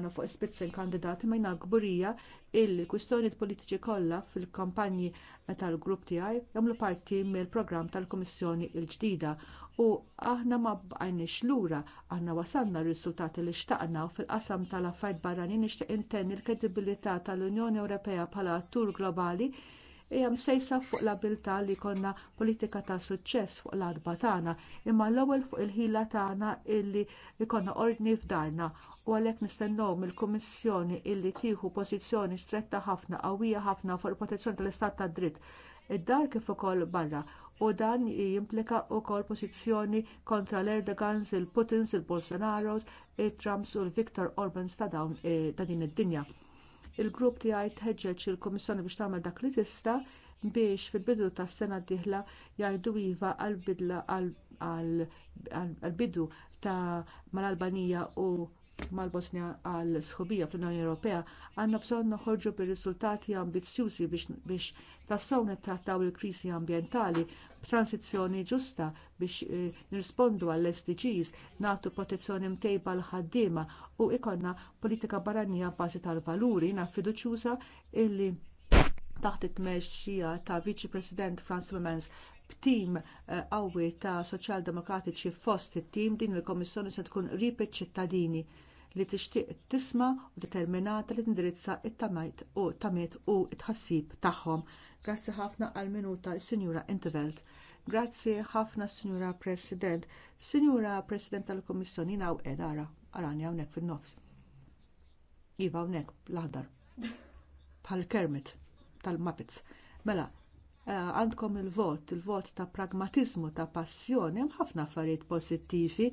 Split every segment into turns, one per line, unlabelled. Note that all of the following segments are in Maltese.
tagħna fuq spitzen kandidati ma gburija il kwistjonijiet politiċi kollha fil-kampanji tal-grupp tiegħi jagħmlu parti mill-programm tal-Kummissjoni l-ġdida u aħna ma bqajniex lura aħna wasalna r-riżultati li xtaqna u fil-qasam tal-affarijiet barranin nixtieq intenni l-kredibilità tal-Unjoni Ewropea bħala attur globali hija msejsa fuq l-abilità li jkollna politika ta' suċċess fuq l-adba tagħna imma l-ewwel fuq il-ħila tagħna illi jkollna ordni f'darna u għalhekk nistennew mill-Kummissjoni illi tieħu pożizzjoni stretta ħafna qawwija ħafna fuq il-protezzjoni tal-istat tad dritt id-dar kif ukoll barra u dan jimplika wkoll pożizzjoni kontra l-Erdogans, il-Putins, il-Bolsonaros, il-Trumps u l-Viktor Orbans ta' dawn eh, ta' din id-dinja. Il-grupp tiegħi tħeġġeġ il-Kummissjoni biex tagħmel dak li tista' biex fil-bidu tas-sena d-dieħla jgħidu iva għall bidla għall bidu ta' mal-Albanija u mal-Bosnja għal sħubija fl-Unjoni Ewropea għandna bżonn noħorġu bir-riżultati ambizzjużi biex tassew nittrattaw il-krisi ambjentali b'transizzjoni ġusta biex eh, nirrispondu għall sdgs nagħtu protezzjoni mtejba l ħaddiema u jkollna politika barranija bbażi tal-valuri na fiduċjuża illi taħt it-tmexxija ta' Viċi President Franz Timmermans b'tim eh, qawwi ta' soċjaldemokratiċi fost it-tim din il kummissjoni se tkun qrib iċ-ċittadini li tixtieq tisma u determinata li tindirizza it-tamajt u u t tħassib tagħhom. Grazzi ħafna għall minuta Sinjura Intervelt. Grazzi ħafna Sinjura President. Sinjura President tal-Kommissjoni naw edara arani hawnhekk fin-nofs. Iva hawnhekk l-aħdar. Bħal Kermit tal-Mapitz. Mela, eh, għandkom il-vot, il-vot ta' pragmatiżmu, ta' passjoni, hemm ħafna affarijiet pożittivi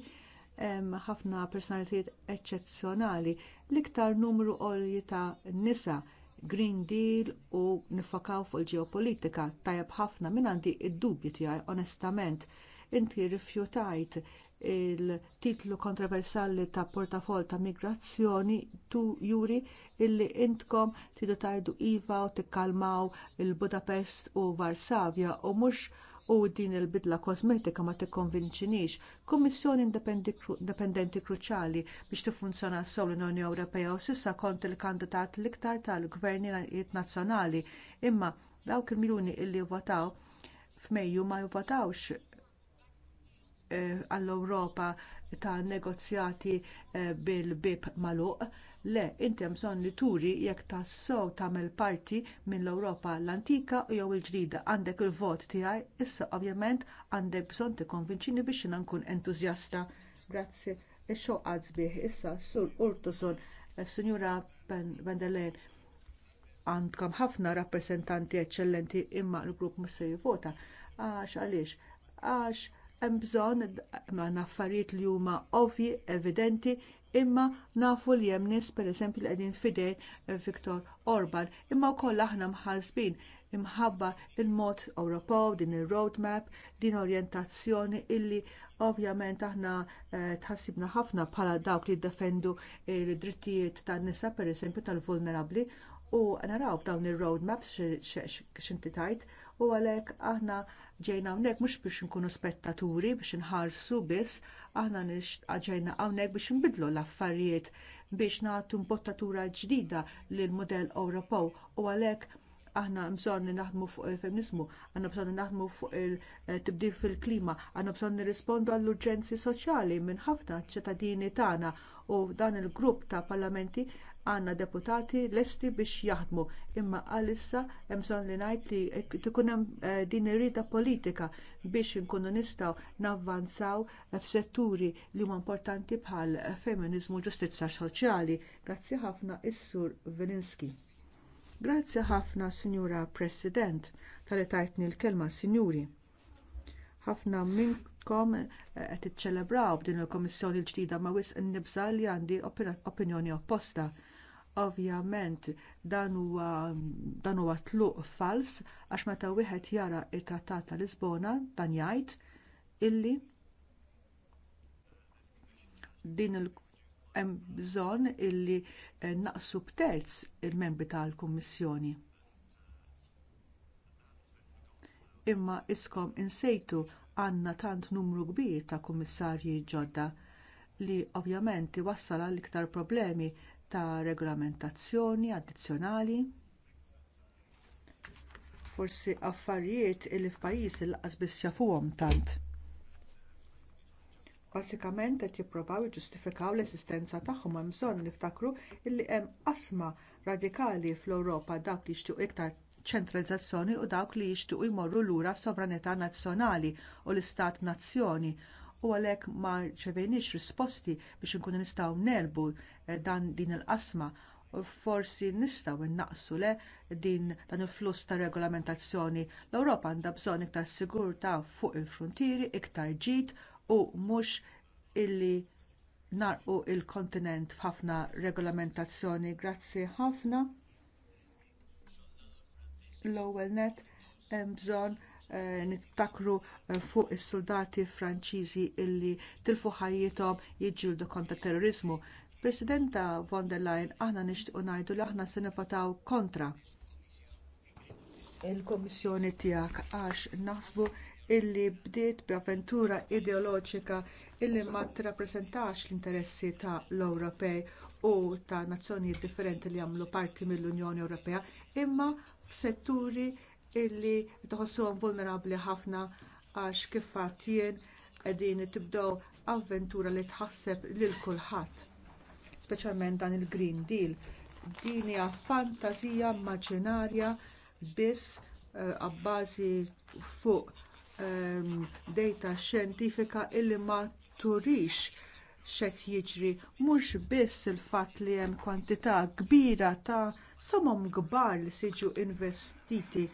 hemm ħafna personalitiet eċċezzjonali l-iktar numru għolji ta' nisa Green Deal u nifakaw fuq il-ġeopolitika tajjeb ħafna minn għandi id dubju tiegħi onestament. Inti rrifjutajt il-titlu kontroversali ta' portafol ta' migrazzjoni tu juri illi intkom tidu tajdu Iva u tikkalmaw il-Budapest u Varsavja u mhux u din il-bidla kosmetika ma tikkonvinċinix. Kummissjoni indipendenti kruċali biex tiffunzjona sew l-Unjoni Ewropea u sissa kont il-kandidat l-iktar tal-gvernijiet nazzjonali imma dawk il-miljuni illi votaw f'Mejju ma jivvotawx eh, għall-Ewropa ta' negozjati eh, bil-bib magħluq Le, inti hemm bżonn li turi jekk tassew tagħmel parti minn l-Ewropa l-antika jew il-ġdida għandek il-vot tiegħi, issa ovvjament għandek bżonn tikkonvinċini biex jiena nkun entużjasta. Grazzi. Ix-xogħ għażbih issa sur Urtuson, eh, Sinjura Vendelen, għandkom ħafna rappreżentanti eċċellenti imma l-grupp mhux se jivvota. Għax għaliex? Għax hemm bżonn ma' affarijiet li huma ovvji, evidenti, imma nafu li hemm nies pereżempju li qegħdin f'idej eh, Viktor Orban, imma wkoll aħna mħallsbin imħabba l mod Ewropew din ir-roadmap, din orjentazzjoni illi ovvjament aħna eh, tħassibna ħafna bħala dawk li jiddefendu eh, l-drittijiet tan-nisa pereżempju tal-vulnerabbli u naraw f'dawn ir-roadmaps x'inti tajt u għalhekk aħna ġejna hawnhekk mhux biex inkunu spettaturi biex inħarsu biss, aħna ġejna hawnhekk biex inbidlu l-affarijiet biex nagħtu mbottatura ġdida lill mudell Ewropew u għalhekk aħna bżonn naħdmu fuq il-feminizmu, għandna bżonn naħdmu fuq il-tibdil fil-klima, għandna bżonn nirrispondu għall-urġenzi soċjali minn ħafna ċittadini tagħna u dan il-grupp ta' parlamenti għandna deputati lesti biex jaħdmu imma għalissa hemm bżonn li ngħid li tkun hemm eh, din ir-rieda politika biex inkunu nistgħu navvanzaw f'setturi li huma importanti bħal feminiżmu u ġustizzja soċjali. Grazzi ħafna issur sur Velinski. Grazzi ħafna Sinjura President tal tajtni l-kelma Sinjuri. Ħafna minnkom eh, qed iċċelebraw b'din il-Komissjoni l-ġdida ma wisq nibża li għandi opinjoni opposta. Ovvjament dan huwa tluq fals għax meta wieħed jara t trattat ta' Lisbona dan jgħid illi din il hemm bżonn illi eh, naqsu b'terz il-membri tal-Kummissjoni. Imma iskom insejtu għandna tant numru kbir ta' kummissarji ġodda li ovvjament iwassal għal iktar problemi ta' regolamentazzjoni addizzjonali forsi affarijiet li f'pajjiż il-laqas biss jafuhom tant. Basikament qed jippruvaw jiġġustifikaw l-esistenza tagħhom hemm bżonn niftakru li hemm qasma radikali fl-Ewropa dawk li jixtiequ iktar ċentralizzazzjoni u dawk li jixtiequ jmorru lura s sovranità nazzjonali u l-istat nazzjoni u għalhekk ma rċevejniex risposti biex inkunu nistgħu nelbu eh, dan din il-qasma forsi nistgħu innaqsu le din dan il-fluss ta' regolamentazzjoni. L-Ewropa għandha bżonn iktar sigurtà fuq il-frontieri, iktar ġid u mhux illi narqu l il kontinent f'ħafna regolamentazzjoni. Grazzi ħafna. L-ewwel net hemm bżonn Eh, niftakru eh, fuq is-soldati Franċiżi illi tilfu ħajjithom jiġġieldu kontra terrorizmu. Presidenta von der Leyen, aħna nixtiequ ngħidu li aħna se nifataw kontra il kummissjoni tiegħek għax naħsbu illi bdiet b'avventura ideoloġika illi ma tirrappreżentax l-interessi ta' l-Ewropej u ta' nazzjonijiet differenti li jagħmlu parti mill-Unjoni Ewropea imma f'setturi illi tħossuhom vulnerabbli ħafna għax kif fatt jien qegħdin tibdew avventura li tħasseb lil kulħadd. Speċjalment dan il-Green Deal. Din hija fantażija immaġinarja biss għabbażi eh, fuq ehm, data xjentifika illi ma turix xed jiġri mhux biss il-fatt li hemm kwantità kbira ta' somom kbar li siġu investiti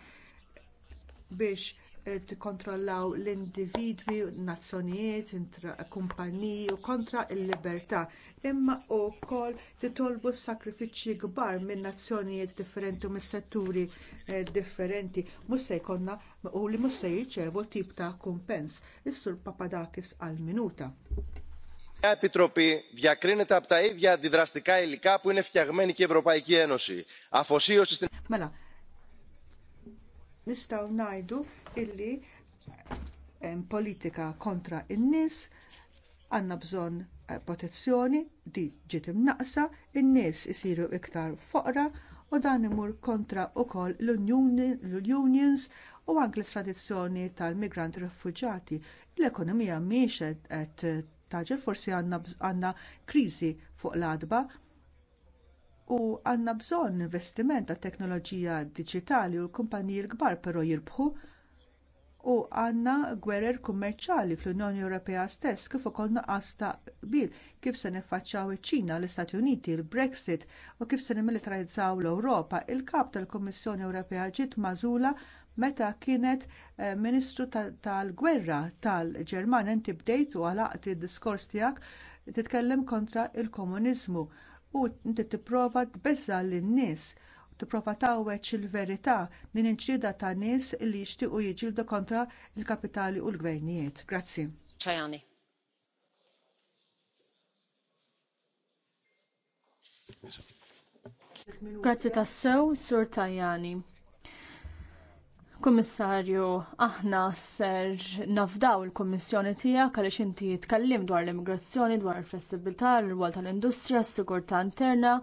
biex eh, tikkontrollaw l-individwi, nazzjonijiet, kumpaniji u kontra l-libertà, imma wkoll titolbu sakrifiċċji kbar minn nazzjonijiet differenti u minn setturi eh, differenti mhux se jkollna u li mhux se jirċevu tip ta' kumpens. Is-Sur Papadakis għal minuta.
Μια επιτροπή διακρίνεται από τα ίδια αντιδραστικά υλικά που είναι φτιαγμένη και η Ευρωπαϊκή Ένωση. Αφοσίωση στην
nistgħu ngħidu illi politika kontra in-nies għandna bżonn eh, protezzjoni di ġiet imnaqsa, in-nies isiru iktar foqra u dan imur kontra wkoll l-unions u anke l-tradizzjoni tal-migranti rifuġjati. L-ekonomija miex qed taġel forsi għandna kriżi fuq l-adba u għandna bżonn investiment tat teknoloġija diġitali u l-kumpaniji l-kbar però jirbħu u għandna gwerer kummerċjali fl-Unjoni Ewropea stess kif ukoll nuqqas ta' qbil kif se niffaċċjaw iċ-Ċina, l-Istati Uniti, il-Brexit u kif se nimilitarizzaw l-Ewropa. Il-kap tal-Kummissjoni Ewropea ġiet magħżula meta kienet eh, Ministru tal-Gwerra tal-Ġermanja inti bdejt u għalaqt id-diskors tiegħek titkellem kontra l komuniżmu u inti tipprova tbeżza lin-nies tipprova tawweġ il-verità minn inċida ta' nies li jixtiequ jiġildu kontra l kapitali u l-gvernijiet. Grazzi.
Tajani.
Grazzi tassew, Sur Tajani. Kummissarju, aħna ser nafdaw il-Kommissjoni tija għaliex inti jitkallim dwar l-immigrazzjoni, dwar il-flessibilità, l-rwol tal-industrija, s-sigurtà interna,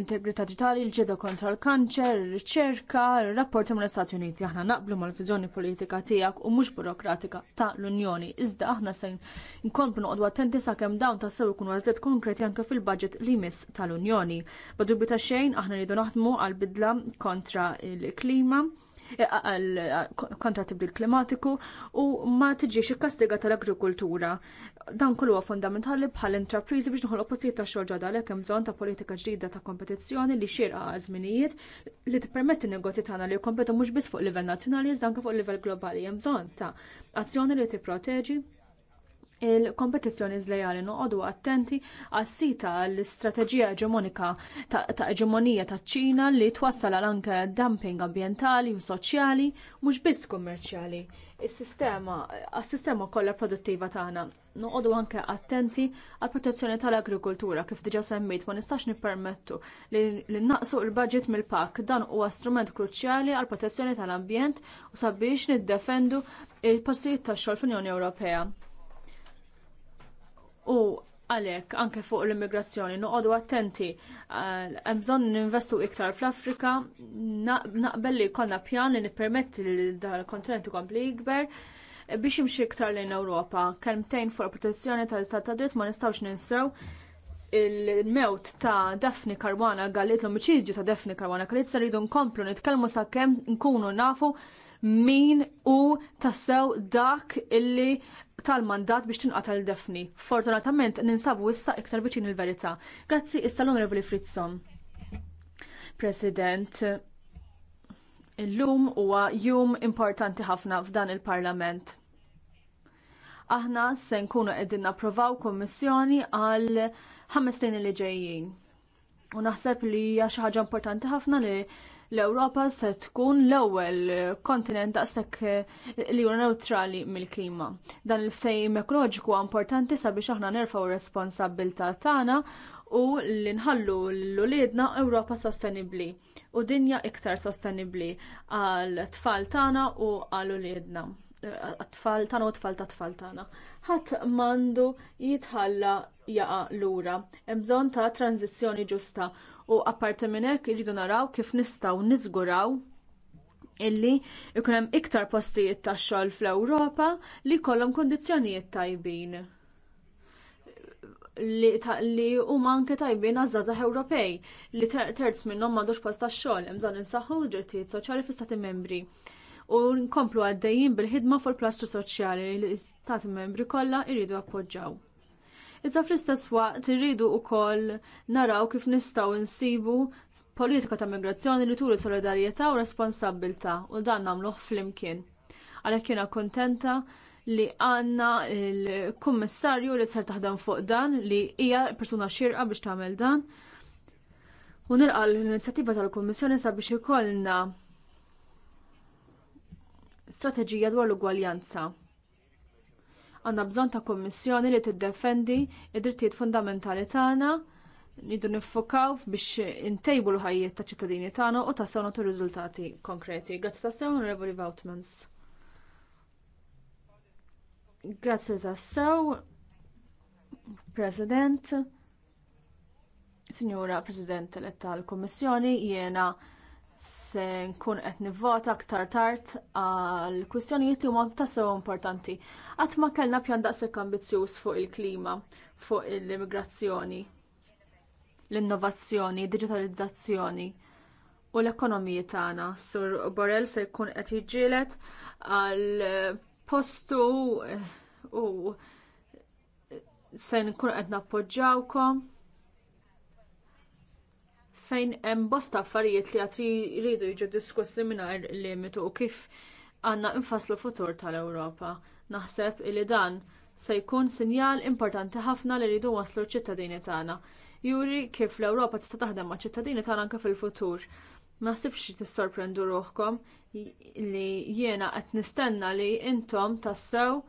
integrità digitali, l-ġeda kontra l-kanċer, ir-riċerka, r rapporti mal istati Uniti. Aħna naqblu mal-viżjoni politika tiegħek u mhux burokratika ta' l-Unjoni. Iżda aħna se nkomplu noqogħdu attenti sakemm dawn ta' sew ikunu għażliet konkreti anke fil-budget li jmiss tal-Unjoni. Badubju xejn aħna rridu naħdmu għal bidla kontra l-klima kontra tibdil klimatiku u ma tiġix ikkastiga tal-agrikultura. Dan kollu huwa fundamentali bħal intrapriżi biex noħolqu postijiet ta' xogħol għadha għalhekk hemm bżonn ta' politika ġdida ta' kompetizzjoni li xierqa għażminijiet li tippermetti negozji tagħna li jkompetu mhux biss fuq livell nazzjonali iżda anke fuq livell globali. Hemm bżonn ta' azzjoni li tipproteġi il-kompetizzjoni żlejali noqogħdu attenti għas-sita l-istrateġija eġemonika ta' eġemonija taċ ċina li twassal għal anke dumping ambjentali u soċjali mhux biss kummerċjali. Is-sistema għas-sistema kollha produttiva tagħna. Noqogħdu anke attenti għall protezzjoni tal-agrikoltura kif diġà semmejt ma nistax nippermettu li naqsu l-budget mill-pak dan huwa strument kruċjali għall protezzjoni tal-ambjent u sabiex niddefendu l postijiet tax-xogħol fl-Unjoni Ewropea U għalhekk anke fuq l-immigrazzjoni noqogħdu attenti eh, hemm bżonn ninvestu iktar fl-Afrika naqbel li jkollna pjan li nippermetti li dan il-kontinent ikompli jikber eh, biex jimxi iktar lejn Ewropa. Kelmtejn fuq protezzjoni tal-istat ta' dritt ma nistgħux ninsew il-mewt ta' Daphne Karwana għallit l-omicidju ta' Daphne Karwana għallit ridu nkomplu nitkellmu sakemm nkunu nafu min u tassew dak illi tal-mandat biex l defni. Fortunatament ninsabu issa iktar viċin il-verità. Grazzi issa l-Onorevoli Fritzson. President, illum huwa jum importanti ħafna f'dan il-Parlament. Aħna se nkunu qegħdin napprovaw kommissjoni għal ħames li ġejjin. U naħseb li hija xi ħaġa importanti ħafna li l-Ewropa se tkun l-ewwel kontinent daqshekk eh, li huwa neutrali mill-klima. Dan il-ftehim ekoloġiku huwa importanti sabiex aħna nerfgħu r responsabbilta tagħna u li nħallu l-uliedna Ewropa sostenibbli u dinja iktar sostenibbli għal tfal tagħna u għal uliedna eh, tfal tagħna u tfal ta' tfal tagħna. Ħadd m'għandu jitħalla jaqa' lura. Hemm bżonn ta' tranzizzjoni ġusta u apparti minn hekk irridu naraw kif nistgħu niżguraw illi ikun hemm iktar postijiet tax xogħol fl-Ewropa li jkollhom kundizzjonijiet tajbin li huma anke tajbin għaż-żgħażagħ Ewropej li terz minnhom m'għandux post tax-xogħol hemm bżonn insaħħu l-drittijiet soċjali fl-istati membri u nkomplu għaddejjin bil-ħidma fuq il plastru soċjali li l-istati membri kollha jridu appoġġjaw. Iżda fl-istess waqt irridu wkoll naraw kif nistgħu nsibu politika ta' migrazzjoni li turi solidarjetà u responsabbiltà u dan nagħmluh flimkien. Għalhekk jiena kuntenta li għandna l-kummissarju li ser taħdem fuq dan li hija persuna xirqa biex tagħmel dan. U nirqal l-inizjattiva tal-Kummissjoni sabiex ikollna strateġija dwar l-ugwaljanza. Għandna bżonn ta' kummissjoni li tiddefendi id-drittijiet fundamentali tagħna nidu nifokaw biex intejbu l-ħajiet ta' ċittadini tagħna u tassew nagħtu riżultati konkreti. Grazzi tassew Onorevoli Voutmans. Grazzi tassew, President, Signora President tal-Kommissjoni, jiena se nkun qed nivvota aktar tard għal kwistjonijiet li huma tassew importanti. Qatt ma kellna pjan daqshekk ambizzjuż fuq il-klima, fuq l-immigrazzjoni, l-innovazzjoni, digitalizzazzjoni u l-ekonomiji tagħna. Sur Borrell se jkun qed jiġġieled għal postu u se nkun qed nappoġġjawkom fejn hemm bosta affarijiet li għatri jridu jiġu diskussi mingħajr limitu u kif għandna nfasslu futur tal-Ewropa. Naħseb li dan se jkun sinjal importanti ħafna li rridu waslu ċ-ċittadini tagħna. Juri kif l-Ewropa tista' taħdem maċ ċittadini tagħna anke fil-futur. Ma sibx tissorprendu ruħkom li jiena qed nistenna li intom tassew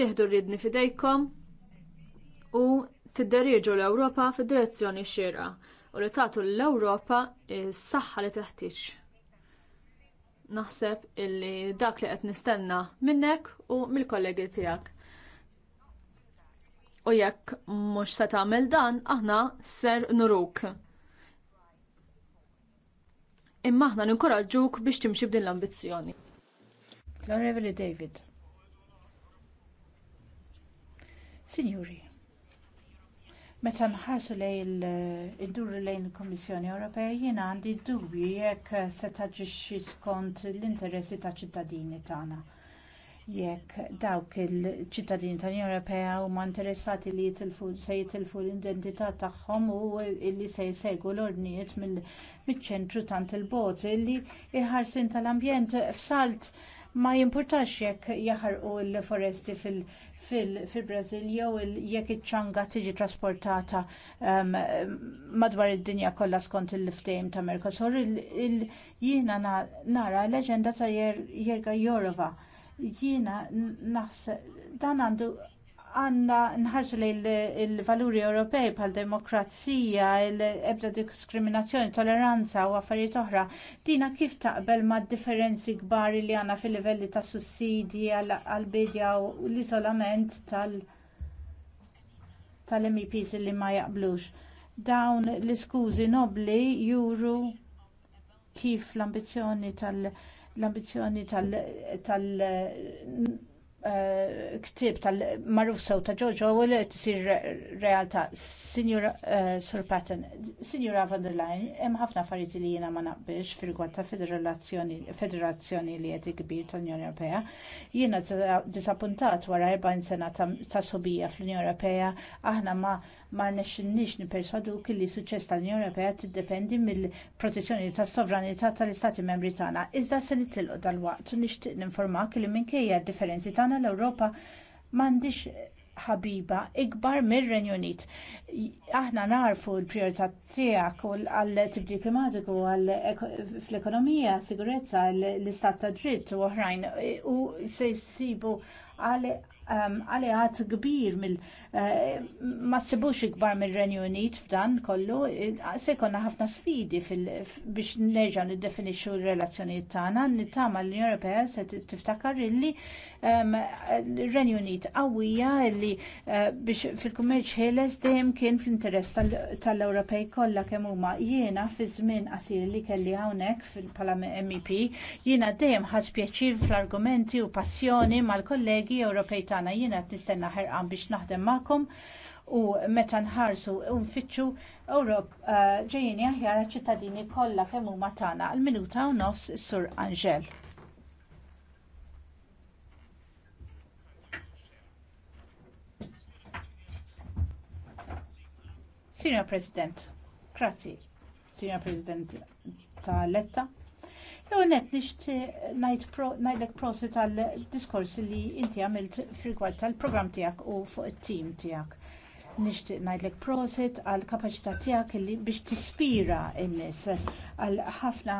tieħdu rridni fidejkom u tidderieġu l-Ewropa fid-direzzjoni xierqa u li tagħtu l-Ewropa s-saħħa li teħtieġ. Naħseb illi dak li qed nistenna minnek u mill-kollegi tiegħek. U jekk mhux se tagħmel dan, aħna ser nuruk. Imma aħna ninkoraġġuk biex timxi b'din l-ambizzjoni. L-Onorevoli David.
Signori, Meta nħarsu lejn id-duru lejn il-Kummissjoni Ewropea jiena għandi dubji jekk se taġixxi skont l-interessi ta' ċittadini tagħna. Jekk dawk il-ċittadini tal Ewropea huma interessati li jitilfu se jitilfu l-identità tagħhom u li se jsegwu l-ordnijiet mill-ċentru tant il-bot li il ħarsien tal-ambjent f'Salt ma jimpurtax jekk jaħarqu l-foresti fil- fil-Brazil jew jekk iċ-ċanga tiġi trasportata um, madwar id-dinja kollha skont il-liftejm ta' Mercosur jiena nara l-leġenda ta' Jerga Jorova jiena naħseb dan għandu għanna nħarsu li l-valuri Ewropej bħal demokrazija, l-ebda diskriminazzjoni, toleranza u affarijiet oħra, dina kif taqbel ma' differenzi kbar li għanna fil-livelli ta' sussidi għal-bidja u l-izolament tal-MEPs li ma jaqblux. Dawn l-iskużi nobli juru kif l-ambizjoni tal- l tal-, tal Eh, ktib tal-maruf sew ta' Jojo u li tisir realtà. Signora eh, Sir Patton, Signora van der Leyen, hemm ħafna affarijiet li jiena ma naqbilx fil-gwad ta' federazzjoni li qed kbir tal-Unjoni Ewropea. Jiena disappuntat wara 40 sena ta' subija fl-Unjoni Ewropea aħna ma' ma rnexxinniex nippersuaduk li suċċess tal-Unjoni Ewropea tiddependi mill-protezzjoni tas-sovranità tal-Istati Membri tagħna. Iżda se nittilqu dalwaqt nixtieq ninformak li minkejja d-differenzi tagħna l-Ewropa m'għandix ħabiba ikbar mir-Renju Unit. Aħna narfu l-priorità tiegħek għal tibdil klimatiku għal fl-ekonomija, sigurezza, l-istat ta' dritt u oħrajn u se jsibu Um, għaliħat kbir mill eh, ma sebux ikbar mill-Renju Unit f'dan kollu, eh, se konna ħafna sfidi biex nerġaw niddefinixxu r-relazzjonijiet tagħna, nittama l-Unjoni Ewropea se tiftakar illi um, renju Unit qawwija illi eh, biex fil-kummerċ ħeles dejjem kien fl-interess tal-Ewropej kollha kemm huma. Jiena fi żmien qasir li kelli hawnhekk bħala MEP, jiena dejjem ħadd pjaċir fl-argumenti u passjoni mal-kollegi Ewropej tagħna jiena qed nistenna ħerqan biex naħdem magħkom u meta nħarsu u nfittxu Ewrop uh, ġejjin aħjar ċittadini kollha kemm huma tagħna għall minuta u nofs sur Anġel. Signor President, grazzi. Signor President Taletta. Letta, Jew net nixtieq ngħidlek prosi tal-diskors li inti għamilt fil tal-programm tiegħek u fuq it-tim tiegħek. Nixtieq ngħidlek prosi għall kapaċità tiegħek li biex tispira n-nies għal ħafna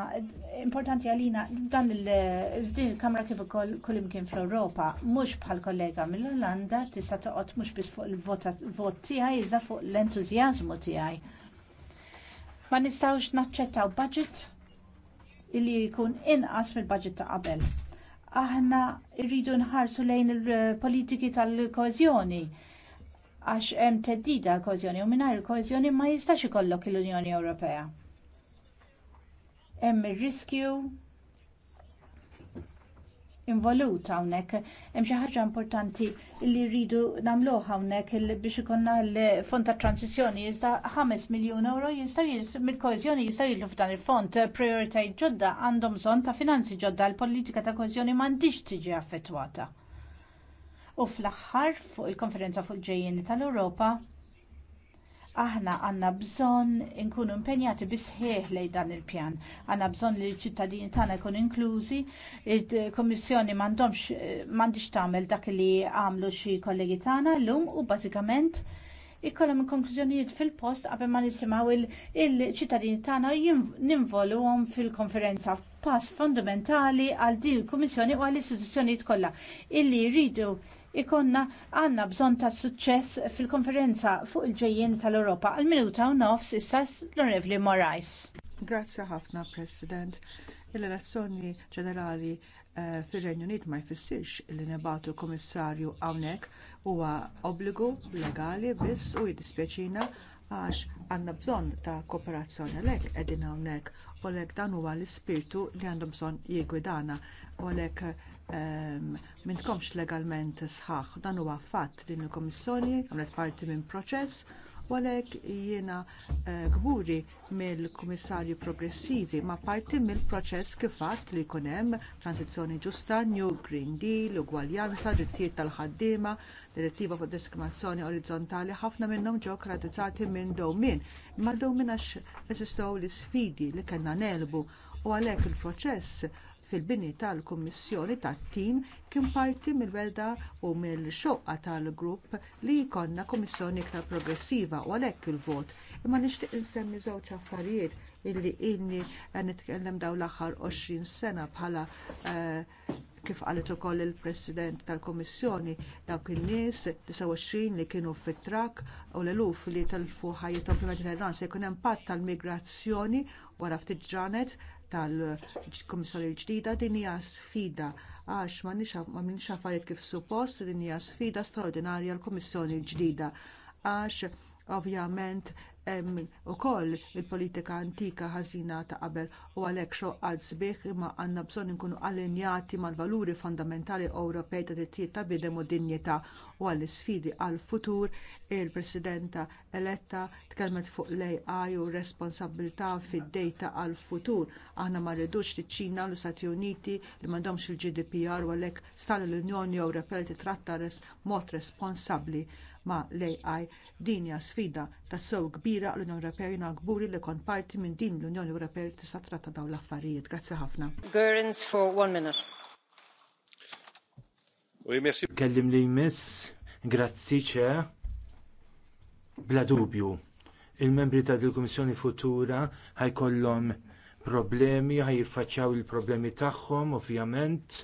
importanti għalina f'dan il-din il-kamra kif ukoll kullimkien fl-Ewropa mhux bħal kollega mill-Olanda tista' toqgħod mhux biss fuq il-vot tiegħi iżda fuq l-entużjażmu tiegħi. Ma nistgħux naċċettaw budget Illi jkun inqas mill budget ta' qabel. Aħna rridu nħarsu lejn il-politiki tal-koezjoni għax hemm teddida l-koezjoni u mingħajr il-koezjoni ma jistax ikollok l-Unjoni Ewropea. Hemm ir-riskju involuta hawnhekk. Hemm xi ħaġa importanti li rridu nagħmluha hawnhekk biex ikonna l-fond ta' transizzjoni jista' 5 miljun euro jista' mill-koeżjoni jista' jidlu f'dan il-fond. Prioritajiet ġodda għandhom bżonn ta' finanzi ġodda l-politika ta' koeżjoni m'għandix tiġi affettwata. U fl-aħħar fuq il-konferenza fuq ġejjeni tal-Ewropa aħna għandna bżonn inkunu impenjati bisħieħ lejn dan il-pjan. Għanna bżon li ċittadini tagħna jkun inklużi, il komissjoni m'għandhomx eh, m'għandix tagħmel dak li għamlu xi kollegi tagħna llum u bażikament ikollhom konklużjonijiet fil-post qabel ma nisimgħu il-ċittadini tagħna ninvoluhom fil-konferenza pass fundamentali għal din il-Kummissjoni u għall istituzzjonijiet kollha illi jridu ikonna għandna bżonn ta' suċċess fil-konferenza fuq il-ġejjien tal-Ewropa għal-minuta u nofs issa l-Onorevli Morais.
Grazzi ħafna, President. Il-relazzjoni ġenerali eh, fir-Renju Unit ma jfissirx li nebatu komissarju hawnhekk huwa obbligu legali biss u jiddispjaċina għax għandna bżonn ta' kooperazzjoni għalhekk qegħdin hawnhekk u għalhekk dan huwa l-ispirtu li għandhom bżonn jiggwidana u għalhekk ehm, m'intkomx legalment sħaħ dan huwa fatt din il-Kommissjoni għamlet parti minn proċess u għalhekk jiena eh, gburi mill-Kummissarju Progressivi ma' parti mill-proċess kif għadd li jkun hemm transizzjoni ġusta, New Green Deal, ugwaljanza, drittijiet tal-ħaddiema, direttiva fuq diskriminazzjoni orizzontali ħafna minnhom ġew radizzati minn dowmin, imma dowmin għax eżistow l isfidi li kellna nelbu u għalhekk il-proċess fil-bini tal-Kummissjoni tat-tim kien parti mill-welda u mill-xoqqa tal-grupp li jkollna Kummissjoni iktar progressiva u għalhekk il-vot. Imma nixtieq insemmi żewġ affarijiet illi inni nitkellem dawn l-aħħar 20 sena bħala eh, kif qalet ukoll il-President tal-Kummissjoni dawk in-nies 29 li kienu fit-trak u l-eluf li telfu ħajjithom fil-Mediterran se jkun hemm patt tal-migrazzjoni wara ftit ġranet tal-Kummissarju l-ġdida din hija sfida għax ma minx affarijiet kif suppost din hija sfida straordinarja l-Kummissjoni l-ġdida għax ovvjament hemm ukoll il-politika antika ħażina ta' qabel u għalhekk xoqqad sbieħ imma għandna bżonn inkunu allenjati mal-valuri fondamentali Ewropej ta' drittijiet ta' bidem u dinjità u għall isfidi għall futur il-Presidenta eletta tkellmet fuq l-AI u r responsabilità fid-dejta għall futur aħna ma rridux li ċ-Ċina u l-Istati Uniti li m'għandhomx il-GDPR u għalhekk stal l-Unjoni Ewropea li titratta mod responsabbli ma' l-AI. Din hija sfida ta' sew kbira għall unjoni Ewropea jiena gburi li kont parti minn din l-Unjoni Ewropea tista' tratta dawn l-affarijiet. Grazzi ħafna.
Gurens for one minute.
Oui, merci. Kellim li jmiss, grazzi ċe, bla dubju. Il-membri ta' dil-Kummissjoni Futura ħajkollhom problemi, ħajjiffaċċjaw il-problemi tagħhom, ovvjament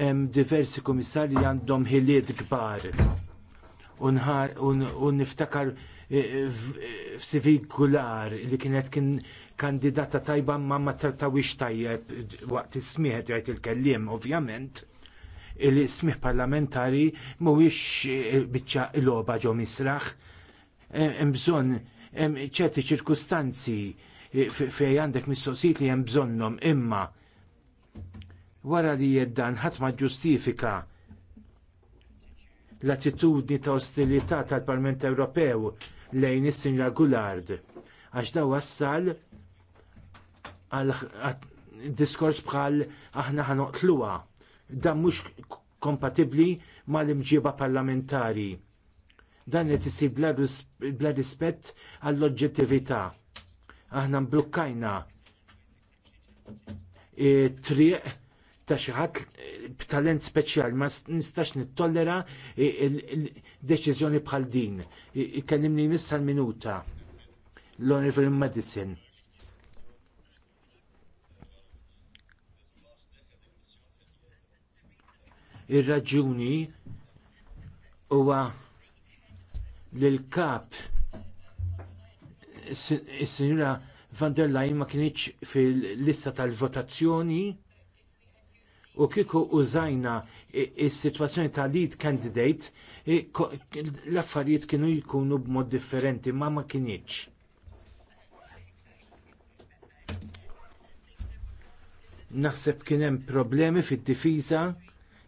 Hemm diversi kummissarji li għandhom ħiliet kbar. U niftakar f'sivikular eh, eh, eh, li kienet kien kandidata tajba ma ma trattawix tajjeb waqt ismiħet jgħid il-kellim, ovvjament il-smih parlamentari mhuwiex biċċa logħba ġo misraħ. Hemm bżonn ċerti ċirkustanzi fejn għandek mistoqsijiet li hemm bżonnhom imma Wara li jeddan ħadd ġustifika l-attitudni ta' ostilità tal-Parlament Ewropew lejn is-Sinja Gullard, għax daw wassal għal diskors bħal aħna ħanoqtluha dan mhux kompatibbli mal-imġiba parlamentari dan li tisib bla rispett għall-oġġettività. Aħna mblukkajna e, triq ta' xi ħadd b'talent speċjali ma nistax nittollera deċiżjoni bħal din. Ikellimni nissa l-minuta l-Honorable Medicine. Ir-raġuni huwa lil l-kap is-Sinjura van der Leyen ma kinitx fil-lista tal-votazzjoni u kieku użajna il sitwazzjoni ta' lead candidate l-affarijiet kienu jkunu b'mod differenti ma ma kienieċ. Naħseb kien hemm problemi fid-difiża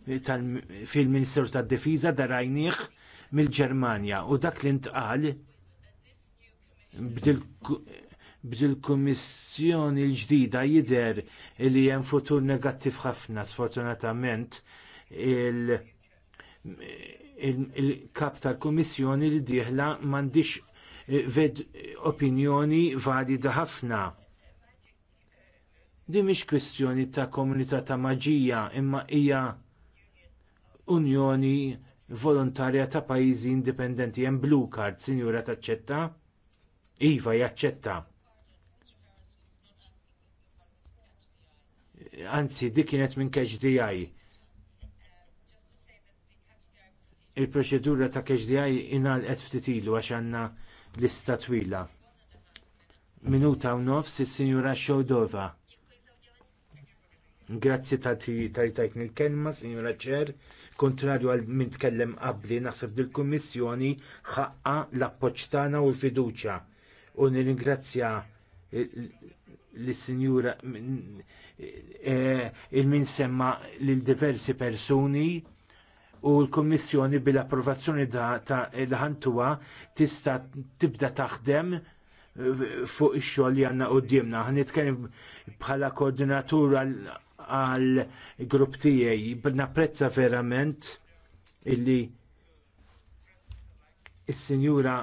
fil-Ministeru tad-Difiża darajnieh mill-Ġermanja u dak li ntqal bil kummissjoni l-ġdida jidher li hemm futur negattiv ħafna sfortunatament il- kap tal-Kummissjoni li dieħla m'għandix eh, ved opinjoni valida ħafna. Di mhix kwestjoni ta' komunità ta' maġija imma hija unjoni volontarja ta' pajjiżi indipendenti hemm blue card, sinjura taċċetta? Iva jaċċetta. anzi dik kienet minn KHDI. Il-proċedura ta' KHDI inqalqet ftit ilu għax għandna lista twila. Minuta u nofs is-Sinjura Xodova. Grazzi ta' tajtajtni l-kelma, Sinjura Ċer, kontrarju għal min tkellem qabli naħseb dil kummissjoni ħaqqa l appoġġ tagħna u l-fiduċja. U nirringrazzja l-sinjura eh, il-min semma l-diversi persuni u l kummissjoni bil-approvazzjoni ta' l-ħantuwa tista' tibda taħdem eh, fuq ix-xogħol li għandna qudiemna. Ħnitkellem bħala koordinatur għall grupp tiegħi napprezza verament illi il sinjura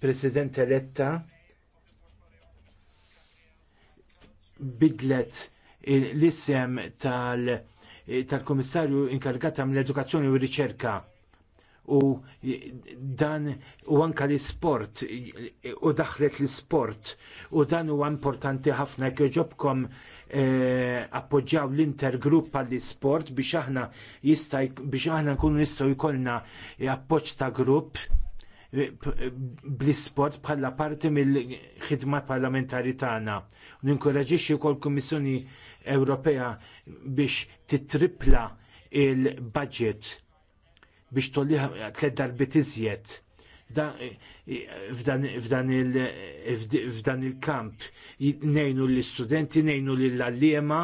President eletta bidlet l-isem tal-Komissarju tal inkargat mill edukazzjoni u r-riċerka u dan u anka l-sport u daħlet l-sport u dan huwa importanti ħafna kieġobkom eh, appoġġjaw l-intergrupp għall-sport biex aħna jista' biex aħna nkunu nistgħu jkollna appoġġ ta' grupp bl-isport bħala parti mill-ħidma parlamentari tagħna. Ninkoraġixxi wkoll Kummissjoni Ewropea biex titripla il-budget biex tolliha tliet darbit iżjed f'dan il-kamp ngħinu l-istudenti, ngħinu l-allima,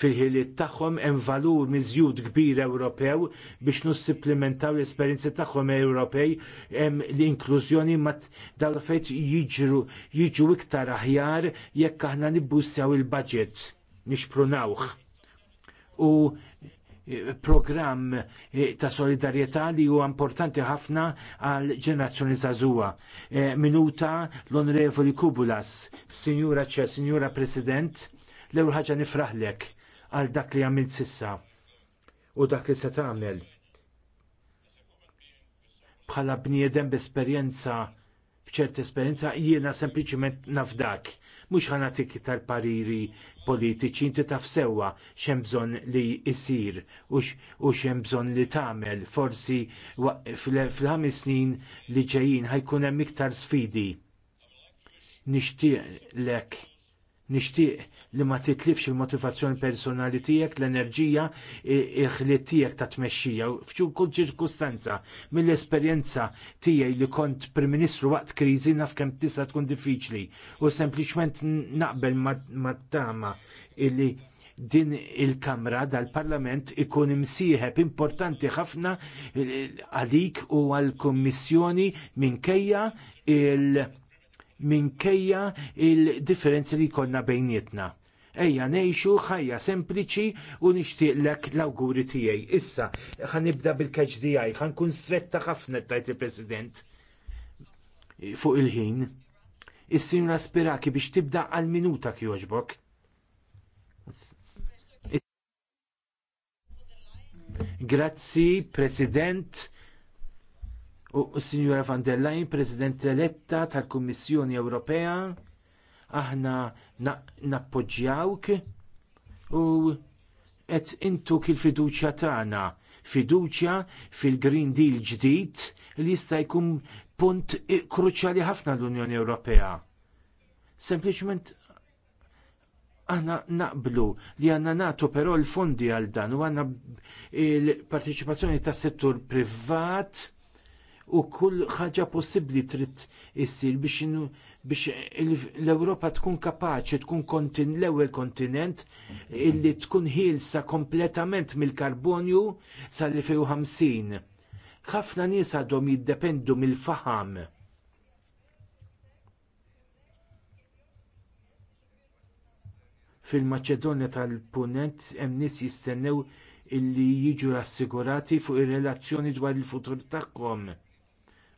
fil-ħiliet tagħhom hemm valur miżjud kbir Ewropew biex nussipplimentaw l-esperjenzi tagħhom Ewropej hemm l-inklużjoni ma dawn fejt jiġru jiġu iktar aħjar jekk aħna nibbustjaw il-budget nixprunawh. U e, program e, ta' solidarjetà li huwa importanti ħafna għal ġenerazzjoni żagħżugħa. E, minuta l-Onorevoli Kubulas, Sinjura Ċe, Sinjura President, l-ewwel ħaġa nifraħlek għal dak li għamilt sissa u dak li se tagħmel. Bħala bniedem b'esperjenza b'ċerta esperjenza jiena sempliċiment nafdak. Mhux ħanatik tal-pariri politiċi inti taf sewwa x'hemm bżonn li jsir u x'hemm bżonn li tagħmel. Forsi fil-ħames snin li ġejjin ħajkun hemm iktar sfidi. Nixtieq lek nixtieq li ma titlifx il-motivazzjoni personali tiegħek, l-enerġija, il-ħliet tiegħek ta' tmexxija. Fċu kull ċirkustanza mill-esperjenza tiegħi li kont Prim Ministru waqt kriżi naf kem tista' tkun diffiċli u sempliċment naqbel ma tama illi din il-Kamra dal-Parlament ikun imsieħeb importanti ħafna eh, għalik u għall-Kummissjoni minkejja il- minkejja il-differenzi li jkollna bejnietna ejja nejxu ħajja sempliċi u nixtieqlek l-awguri tiegħi. Issa, ħanibda bil-catch DI, ħankun stretta ħafna tajt il-President fuq il-ħin. Is-sinjura Spiraki biex tibda għal-minuta kjoġbok. Grazzi, President. U s-Sinjura van der Leyen, President eletta tal-Kummissjoni Ewropea aħna nappoġġjawk u qed intuk il-fiduċja tagħna, fiduċja fil-Green Deal ġdid li jista' jkun punt kruċjali ħafna l-Unjoni Ewropea. Sempliċement aħna naqblu li għanna natu però l-fondi għal dan u għanna il-partiċipazzjoni tas settur privat u kull ħaġa possibbli trid issir biex biex l-Ewropa tkun kapaċi tkun kontin l-ewwel kontinent illi tkun hilsa kompletament mill-karbonju sal-2050. Ħafna nies għadhom jiddependu mill-faħam. Fil-Maċedonja tal-Punent hemm nies jistennew illi jiġu rassigurati fuq ir-relazzjoni dwar il-futur tagħhom.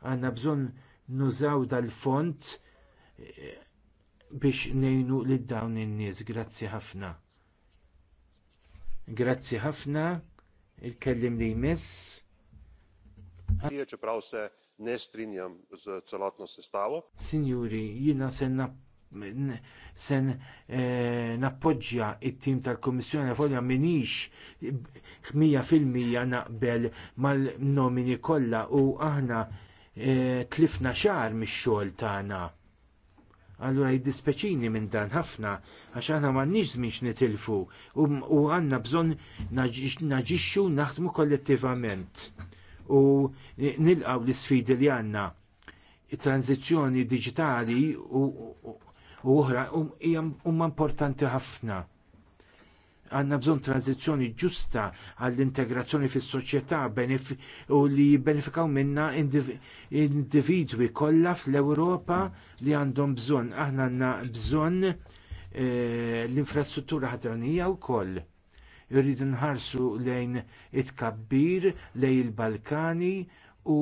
Għandna bżonn nużaw dal-font biex ngħinu lil dawn in-nies. Grazzi ħafna. Grazzi ħafna il-kellim li jmiss. Čeprav se Signori, jina sen sen eh, nappoġġja it-tim tal-Kommissjoni folja minix 100% naqbel mal-nomini kollha u aħna eh, tlifna xar mix-xogħol tagħna. Allura jiddispeċini minn dan ħafna għax aħna m'għandniex żmien nitilfu u għandna bżonn naġixxu naħdmu kollettivament u nilqgħu l-isfidi li għandna. It-tranzizzjoni diġitali u oħra huma importanti ħafna għandna bżonn tranzizjoni ġusta għall-integrazzjoni fis-soċjetà u li jibbenefikaw minnha individwi kollha fl-Ewropa li għandhom bżonn. Aħna għandna bżonn eh, l-infrastruttura ħadranija wkoll. Irridu nħarsu lejn it-kabbir, lejn il-Balkani u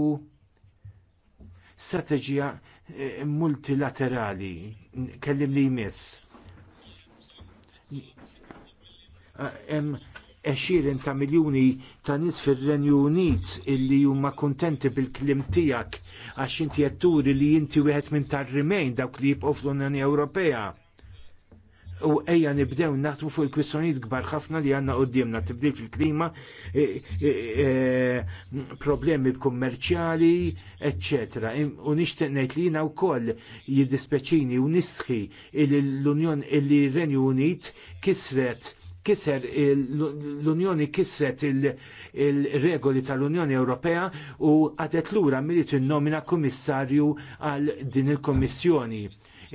strateġija eh, multilaterali. Kellim li jmiss hemm 20 ta' miljuni ta' nies fir-Renju Unit illi huma kuntenti bil-klim tiegħek għax inti qed turi li inti wieħed minn tar-rimejn dawk li jibqgħu fl-Unjoni Ewropea. U ejja nibdew naħtu fuq il-kwistjonijiet kbar ħafna li għandna qudiemna tibdil fil-klima, e, e, e, problemi kummerċjali, eccetera. U nixtieq ngħid li jiena wkoll jiddispeċini u nisħi li l-Unjon illi Renju Unit kisret kiser l-Unjoni kisret il-regoli tal-Unjoni Ewropea u għadet lura milli tinnomina komissarju għal din il komissjoni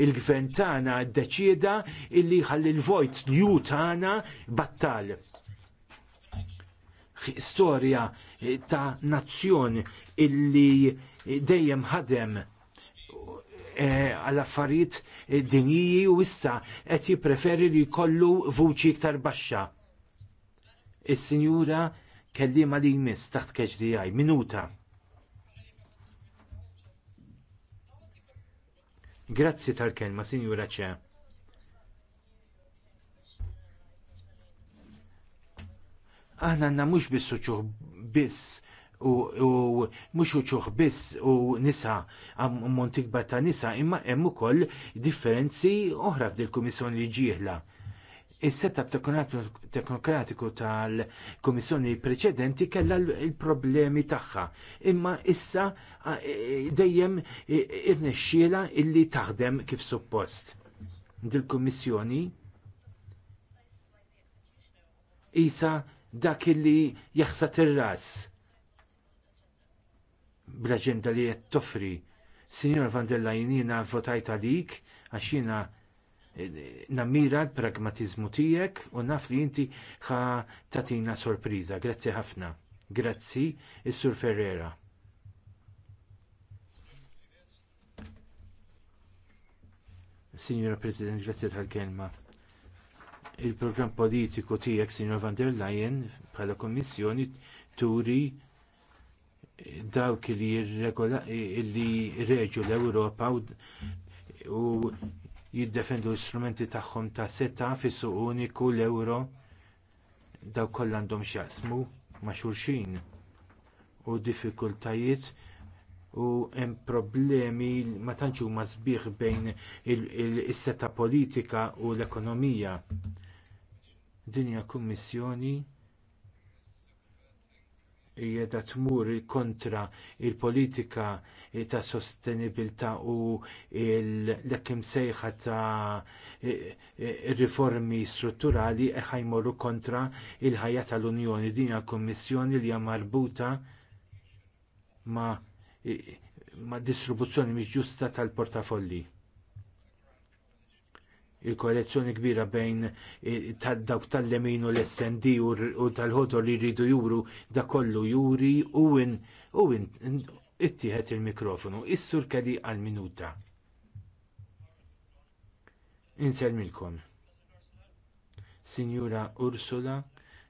Il-gvern tagħna ddeċieda illi ħalli l-vojt ju tagħna battal. Storja ta' nazzjon illi dejjem ħadem Eh, għall-affarijiet eh, dinjiji u issa qed jippreferi li jkollu vuċi iktar baxxa. Is-sinjura kellima li jmiss taħt KHDI minuta. Grazzi tal-kelma, Sinjura ċe. Aħna għanna mux bis-suċċuħ biss u mhux uċuħ biss u nisa ammont ikbar ta' nisa imma hemm ukoll differenzi oħra f'dil kummissjoni li ġieħla. Is-setup teknokratiku tal-Kummissjoni preċedenti kellha l-problemi tagħha, imma issa e, dejjem e, irnexxiela illi taħdem kif suppost. Dil-Kummissjoni isa dak illi jaħsat ir-ras bl-aġenda li qed toffri. Signor van der Leyen jiena votajt għalik għax jiena eh, nammira l-pragmatiżmu tiegħek u naf li inti ħa tatina sorpriża. Grazzi ħafna. Grazzi is-Sur Ferrera. Signora President, grazzi tal-kelma il-programm politiku tiegħek, Signor van der Leyen, bħala kommissjoni turi dawk li reġu l-Ewropa u jiddefendu l-istrumenti tagħhom ta' seta' fis-suq uniku l-euro daw kollha għandhom x'jaqsmu ma' xulxin u diffikultajiet u hemm problemi ma tantx huma sbieħ bejn is-seta' politika u l-ekonomija. Din hija kummissjoni qiegħda tmur kontra l politika ta' sostenibilità u l-ekkim sejħa ta' riformi strutturali jmorru kontra l ħajja tal-Unjoni din għall kummissjoni li hija marbuta ma', distribuzzjoni mhix ġusta tal-portafolli il-korrezzjoni kbira bejn e, dawk tal-lemin u l-SND u tal-ħodor li jridu juru da kollu juri u win ittieħed il-mikrofonu. Issur kelli għal-minuta. Inselmilkom. Sinjura Ursula,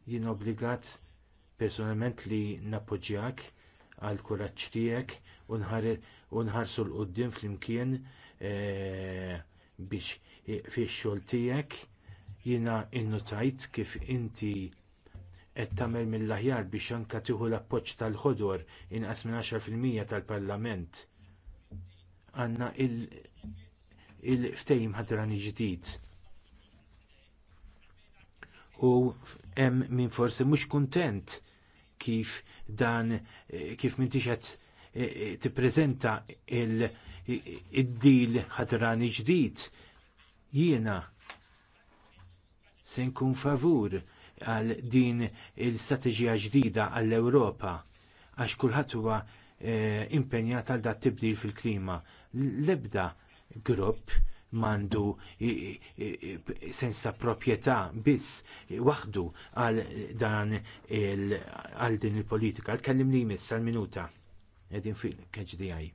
jien obbligat personalment li nappoġġjak għal kuraġġ tiegħek u nħarsu l quddiem flimkien eh, biex fix-xogħol tiegħek jiena innutajt kif inti qed tagħmel mill-aħjar biex anka tieħu l-appoġġ tal-ħodor inqas minn 10% tal-Parlament. Għandna il-ftejm ħadrani ġdid. U hemm min forsi mhux kuntent kif dan kif m'intix qed eh, eh, tippreżenta il-dil ħadrani ġdid Jiena se nkun favur għal din il-strateġija ġdida għall-Ewropa għax kulħadd huwa eh, impenjat għal dat tibdil fil-klima. L-ebda grupp m'għandu sens ta' proprjetà biss waħdu għal dan għal din il-politika. Għal li jmiss għal minuta edin fil-KGDI.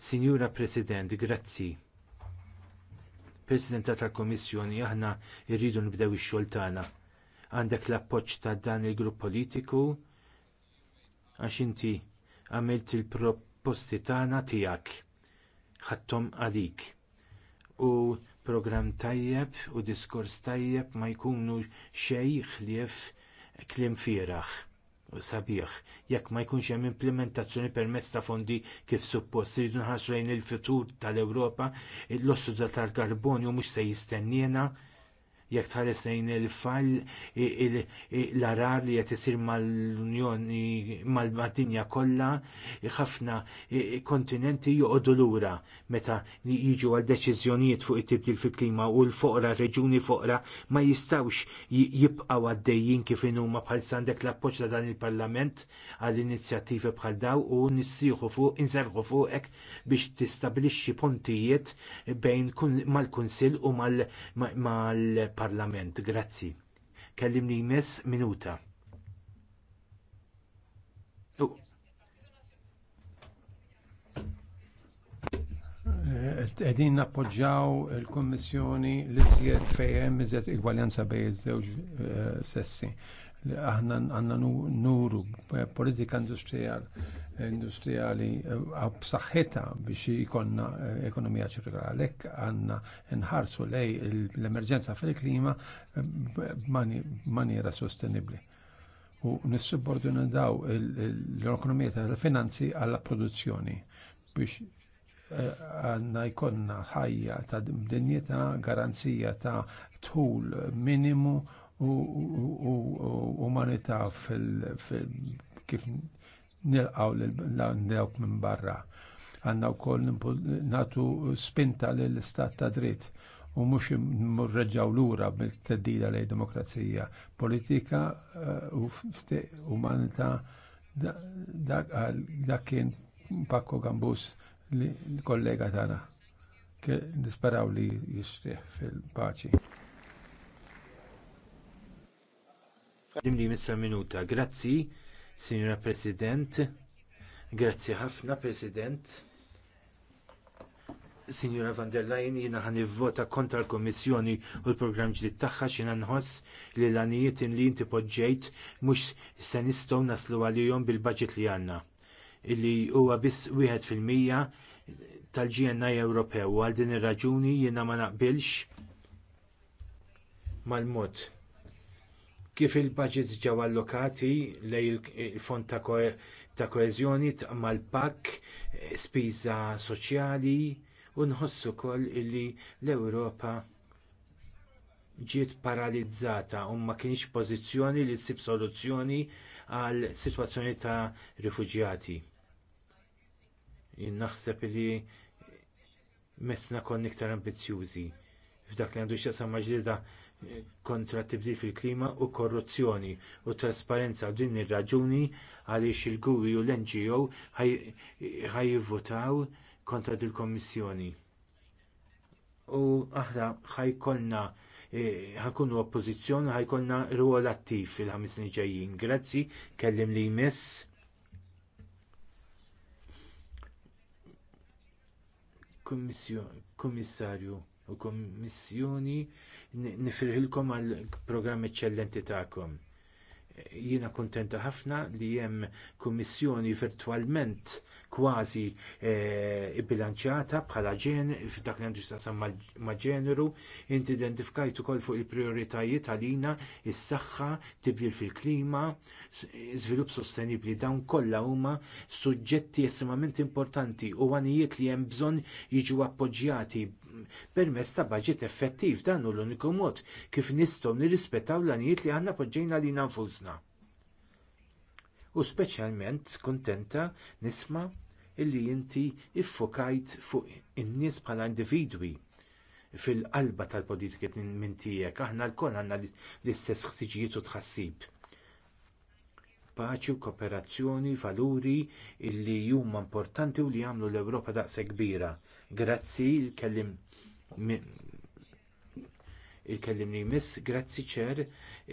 Sinjura President, grazzi. Presidenta tal-Komissjoni, aħna rridu nibdew ix-xogħol tagħna. Għandek l-appoġġ ta' dan il-grupp politiku għax inti għamilt il-proposti tagħna tiegħek. Ħadthom għalik. U programm tajjeb u diskors tajjeb ma jkunu xejn ħlief kliem fieraħ sabiħ jekk ma jkunx hemm implementazzjoni permezz ta' fondi kif suppost iridu nħarsu lejn il-futur tal-Ewropa l-ossuda tal-karbonju mhux se jistennina jekk tħares lejn il-fall l-arar li qed isir mal-Unjoni mal-dinja kollha ħafna kontinenti joqogħdu lura meta jiġu għal deċiżjonijiet fuq it-tibdil fil-klima u l-foqra reġuni foqra ma jistawx jibqgħu għaddejjin kif huma bħal sandek l-appoġġ ta' dan il-Parlament għall inizjattivi bħal daw u nissieħu fuq inserħu fuqek biex tistabbilixxi pontijiet bejn mal-Kunsill u mal-Parlament tal-Parlament. Grazzi. Kellimni jmiss minuta.
Edin nappoġġaw il-Kommissjoni li sjed fejem iżjed igwaljanza bej iż-żewġ eh, sessi li aħna għanna nuru politika industrijali industrijali eh, b'saħħitha biex ikonna eh, ekonomija ċirkolari. Għalhekk għandna nħarsu lej l-emerġenza fil-klima eh, b'maniera sostenibbli. U nissubordinaw l-ekonomija tal-finanzi għalla produzzjoni biex għanna jkonna ħajja ta' dinjeta, garanzija ta' tħul minimu u umanità kif nilqaw l-dawk minn barra. Għanna u koll natu spinta l-istat ta' dritt u mux murreġaw l-ura bil-teddida lej demokrazija. Politika eh, u umanità dak kien Pakko Gambus l-kollega tana. Nisperaw li jishtih fil-paċi.
Dimli missa minuta. Grazzi, Signora President. Grazzi ħafna, President. Signora van der Leyen jina ħan vota kontra l-Komissjoni u l-programm ġdid tagħha xina nħoss li l-għanijiet li jinti podġejt mhux se nistgħu naslu għalihom bil-budget li għandna. Illi huwa biss wieħed fil-mija tal-GNI Ewropew għal din ir-raġuni jiena ma naqbilx mal-mod kif il-budgets ġew allokati lejn il-fond ta', ko ta koeżjoni mal-pak, spiża soċjali u nħossu wkoll illi l-Ewropa ġiet paralizzata u ma kienx pożizzjoni li ssib soluzzjoni għal sitwazzjoni ta' rifuġjati. Naħseb li messna konni iktar ambizzjużi f'dak li għandu x'jaqsam maġlida kontra tibdil fil-klima u korruzzjoni u t trasparenza din ir-raġuni għaliex il-guri u l-NGO ħajjivvotaw kontra il kommissjoni U aħna ħajkollna eh, ħakunu oppożizzjoni ħajkollna rwol attiv fil-ħamis ġejjin. Grazzi, kellim li jmiss. Kummissarju u kommissjoni nifirħilkom għal programm eċċellenti tagħkom. Jiena kuntenta ħafna li hemm kummissjoni virtwalment kważi bilanċjata bħala ġen f'dak li għandu x'taqsam ġeneru inti identifikajt ukoll fuq il-prijoritajiet għalina is-saħħa, tibdil fil-klima, żvilupp sostenibbli dawn kollha huma suġġetti estremament importanti u għanijiet li hemm bżonn jiġu appoġġjati permezz ta' baġit effettiv dan hu l-uniku mod kif nistgħu nirrispettaw l-anijiet li aħna poġġejna li nfusna. U speċjalment kuntenta nisma' illi inti iffokajt fuq in-nies bħala individwi fil-qalba tal-politika minn tiegħek aħna lkoll għandna l-istess ħtiġijiet u tħassib. Paċi u kooperazzjoni, valuri li huma importanti u li jagħmlu l-Ewropa daqshekk kbira. Grazzi kellim il-kellimni miss, grazzi ċer,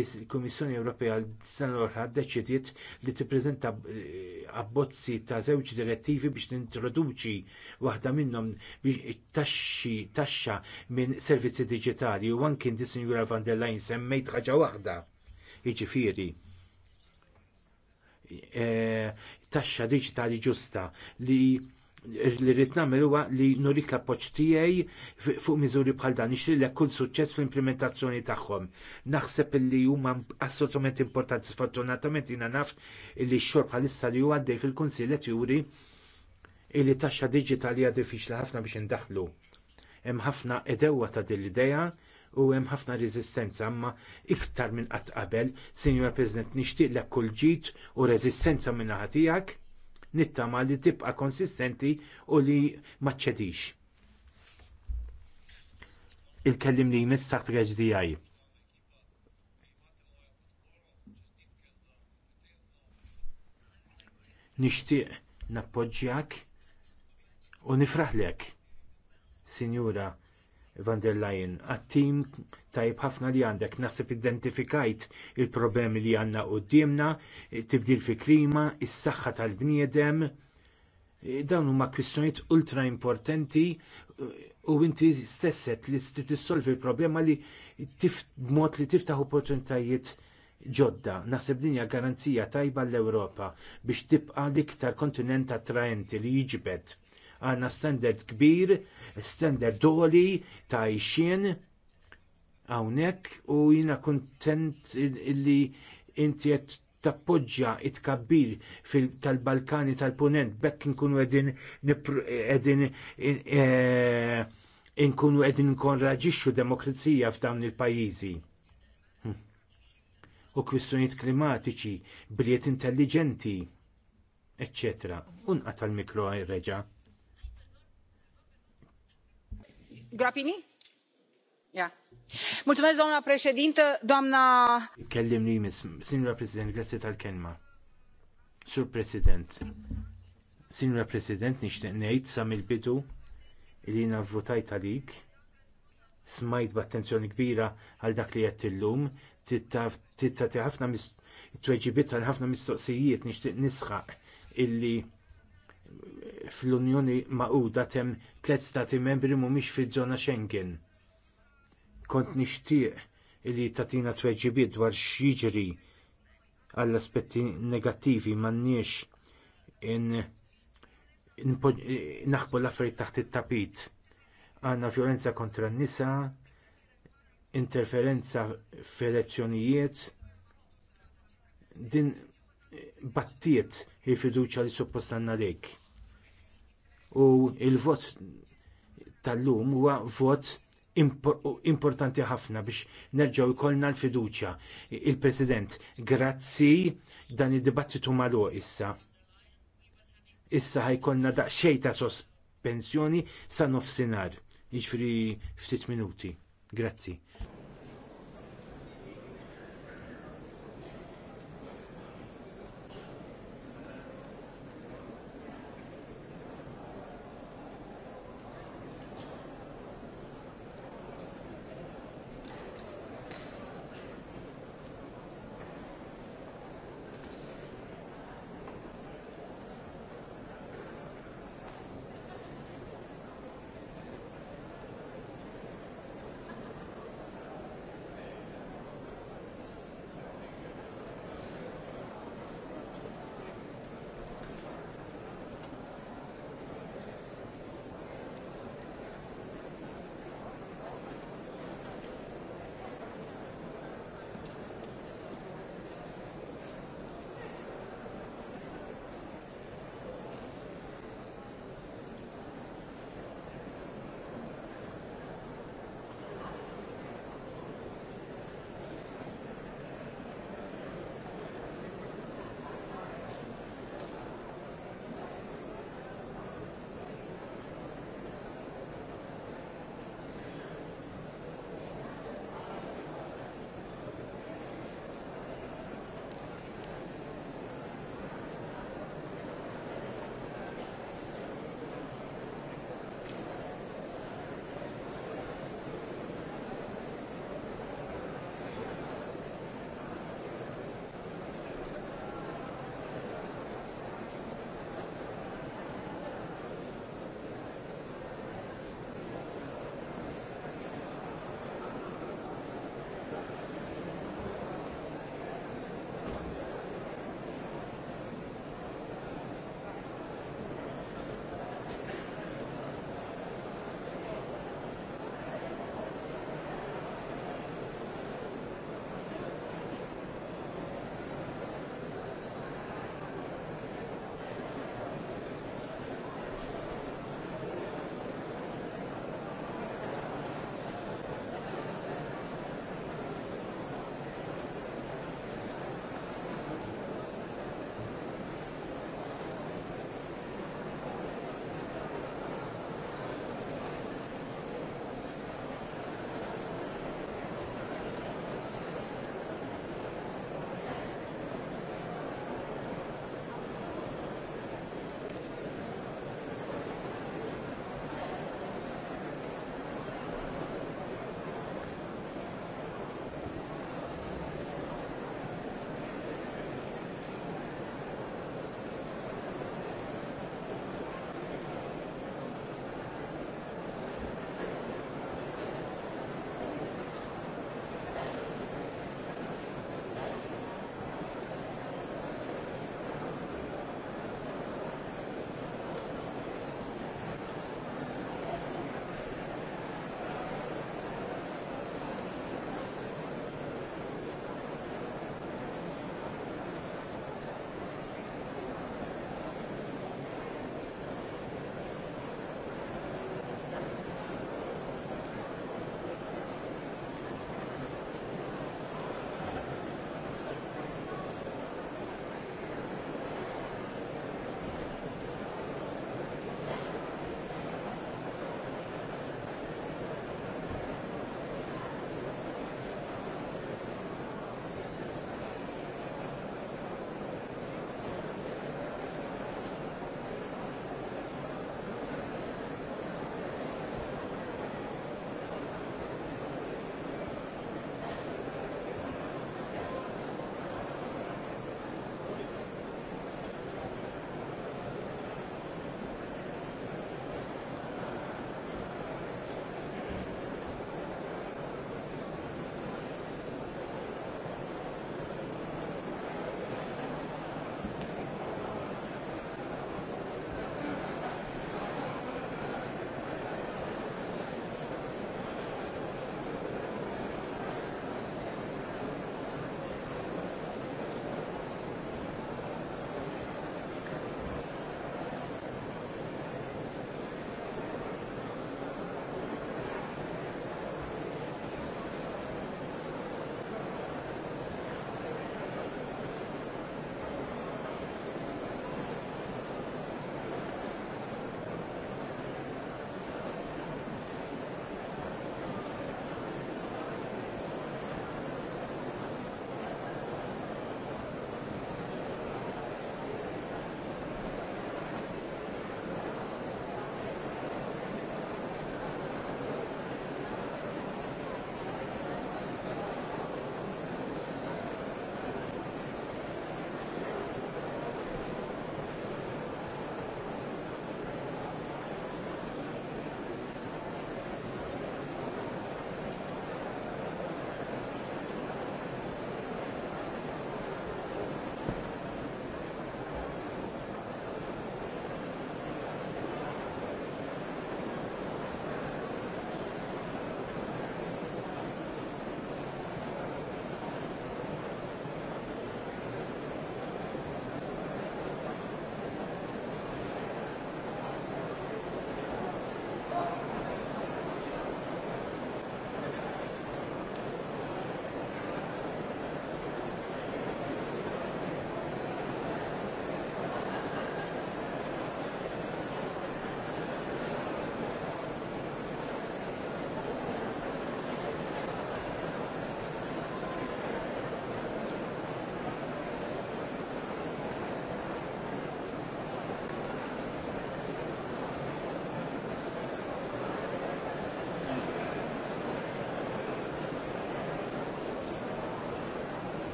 il-Komissjoni Ewropea s sena l-orħa deċidiet li tippreżenta eh, abbozzi ta' żewġ direttivi biex tintroduċi waħda minnhom biex taxxi taxxa minn servizzi diġitali u anki di Sinjura van der Leyen semmejt ħaġa waħda. Jiġifieri. Eh, taxxa diġitali ġusta li li rrit namel huwa li nurik l appoċ tiegħi fuq miżuri bħal dan ixrilek kull suċċess fl-implementazzjoni tagħhom. Naħseb li huma assolutament importanti sfortunatament jiena naf li x-xorb bħalissa li huwa għaddej fil-Kunsill juri li taxxa diġitali hija diffiċli ħafna biex indaħlu. Hemm ħafna edewwa ta' din l-idea u hemm ħafna reżistenza imma iktar minn qatt qabel, Sinjor President, nixtieq li kull ġit u reżistenza minn naħa tiegħek nittama li tibqa' konsistenti u li maċċedix. Il-kellim li jmiss taħt għaj. Nixtieq nappoġġjak u nifraħlek, Sinjura van der Leyen, għat-tim tajb ħafna li għandek naħseb identifikajt il-problemi li għandna qudiemna, tibdil fi klima, is-saħħa tal-bniedem. Dawn huma kwistjonijiet ultra importanti u inti stesset li tissolvi l-problema li mod li tiftaħ opportunitajiet ġodda. Naħseb din hija garanzija tajba l-Ewropa biex tibqa l-iktar kontinent attraenti li jġbed għanna standard kbir, standard doli ta' ixien hawnhekk u jiena kuntent li inti qed tappoġġa t tkabbir tal-Balkani tal-Punent bekk nkunu qegħdin qegħdin inkunu qegħdin eh, eh, nkonraġixxu demokrazija f'dawn il-pajjiżi. Hm. U kwistjonijiet klimatiċi, bliet intelligenti, eccetera. Unqa tal-mikro eh, reġa'.
doamnă președintă doamna.
kellimni jmiss sinjura president grazzi tal-kelma. sur president sinjura president nixtieq ngħid sa mill-bidu li jiena vvutajt għalik smajt b'attenzjoni kbira għal dak li qed illum tittati ħafna tweġibiet għal ħafna mistoqsijiet nixtieq nisħaq illi fl-Unjoni Magħquda hemm tliet stati membri mhumiex fiż-żona Schengen. Kont nixtieq li tagħtina tweġibiet dwar x'jiġri għall-aspetti negattivi m'għandniex naħbu l-affarijiet taħt it-tapit. Għandna vjolenza kontra n-nisa, interferenza f'elezzjonijiet, din battiet il-fiduċa li suppost għandna lejk u il-vot tal-lum huwa vot importanti ħafna biex nerġgħu jkollna l-fiduċja. Il-President, grazzi dan id-dibattitu magħluq issa. Issa ħajkollna daqsxej ta' sospensjoni sa' nofsinhar, jiġri ftit minuti. Grazzi.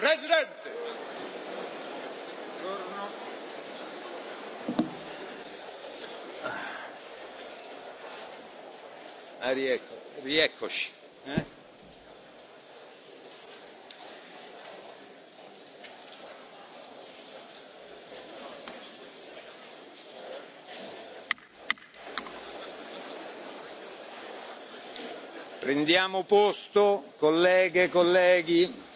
Presidente!
Ah, rieccoci. Eh? Prendiamo posto, colleghe e colleghi.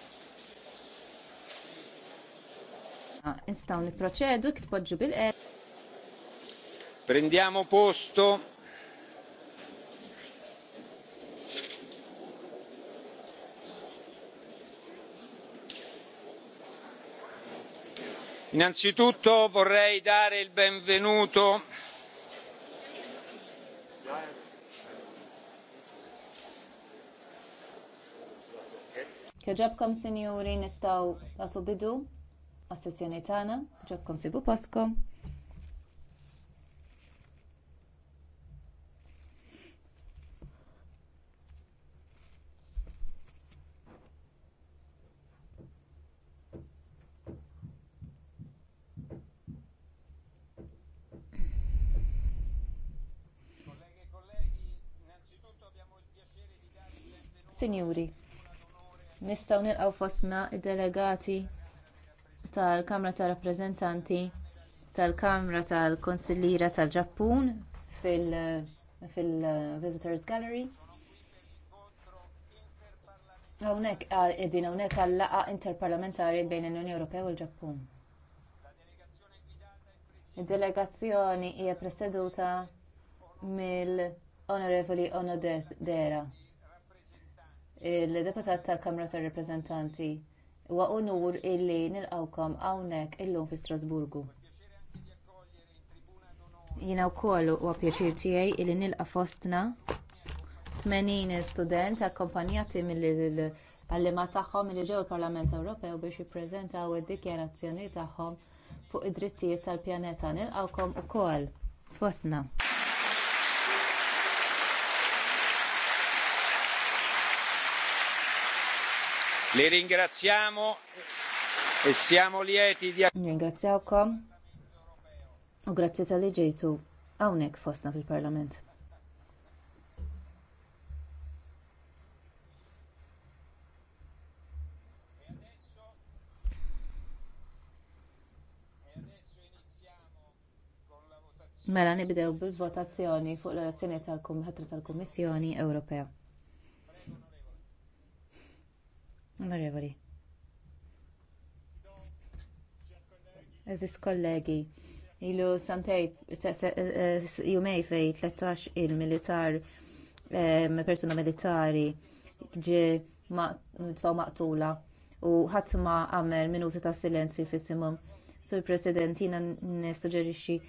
bil Prendiamo posto. Innanzitutto vorrei dare il benvenuto
Kħeġabkom, sinjuri, nistaw għatu bidu? għas-sessjoni tagħna ġobkom sibu poskom Sinjuri, nistaw nilqaw fostna id delegati tal-Kamra tal-Rappreżentanti tal-Kamra tal-Konsillira tal-Ġappun fil-Visitors Gallery. Hawnhekk qegħdin hawnhekk għal laqgħa interparlamentari bejn l-Unjoni Ewropea u l-Ġappun. Id-delegazzjoni hija preseduta mill-Onorevoli Onodera, il-deputat tal-Kamra tar-Rappreżentanti Huwa unur illi nilqawkom hawnhekk illum fi Strasburgu. Jiena wkoll huwa pjaċir tiegħi illi nilqa' fostna 80 student akkompanjati mill-għallima tagħhom li ġew il-Parlament Ewropew biex jippreżentaw id-dikjarazzjoni tagħhom fuq id-drittijiet tal-pjaneta nilqawkom ukoll fostna
Li ringraziamo e siamo lieti di Ringrazzjawkom
u grazzi tal-li ġejtu hawnhekk fostna fil-Parlament. Mela nibdew bil-votazzjoni fuq l-elezzjoni tal-Kumħatra tal-Kummissjoni Ewropea. Onorevoli. Eżis kollegi, ilu santej, eh, jumej fej 13 il-militar, persuna militari, ġi ma' maqtula u ħadd ma għamel minuti ta' silenzju fissimum. Sur President, jiena nissuġġerixxi